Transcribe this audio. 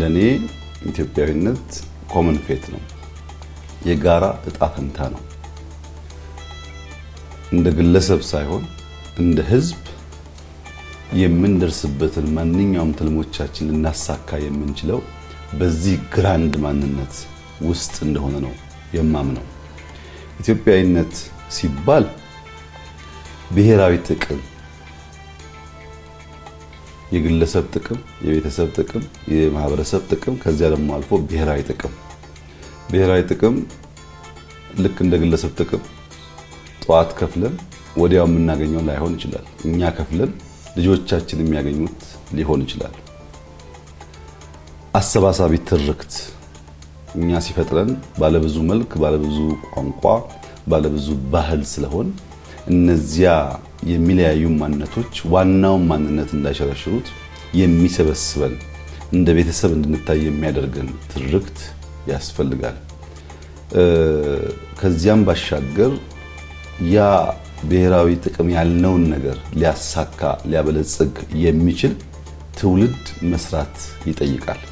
ለእኔ ኢትዮጵያዊነት ኮመን ፌት ነው፣ የጋራ እጣ ፈንታ ነው። እንደ ግለሰብ ሳይሆን እንደ ህዝብ የምንደርስበትን ማንኛውም ትልሞቻችን ልናሳካ የምንችለው በዚህ ግራንድ ማንነት ውስጥ እንደሆነ ነው የማምነው። ኢትዮጵያዊነት ሲባል ብሔራዊ ጥቅም የግለሰብ ጥቅም፣ የቤተሰብ ጥቅም፣ የማህበረሰብ ጥቅም ከዚያ ደግሞ አልፎ ብሔራዊ ጥቅም። ብሔራዊ ጥቅም ልክ እንደ ግለሰብ ጥቅም ጠዋት ከፍለን ወዲያው የምናገኘው ላይሆን ይችላል። እኛ ከፍለን ልጆቻችን የሚያገኙት ሊሆን ይችላል። አሰባሳቢ ትርክት እኛ ሲፈጥረን ባለብዙ መልክ፣ ባለብዙ ቋንቋ፣ ባለብዙ ባህል ስለሆን እነዚያ የሚለያዩ ማንነቶች ዋናውን ማንነት እንዳይሸረሽሩት የሚሰበስበን እንደ ቤተሰብ እንድንታይ የሚያደርገን ትርክት ያስፈልጋል። ከዚያም ባሻገር ያ ብሔራዊ ጥቅም ያልነውን ነገር ሊያሳካ ሊያበለጽግ የሚችል ትውልድ መስራት ይጠይቃል።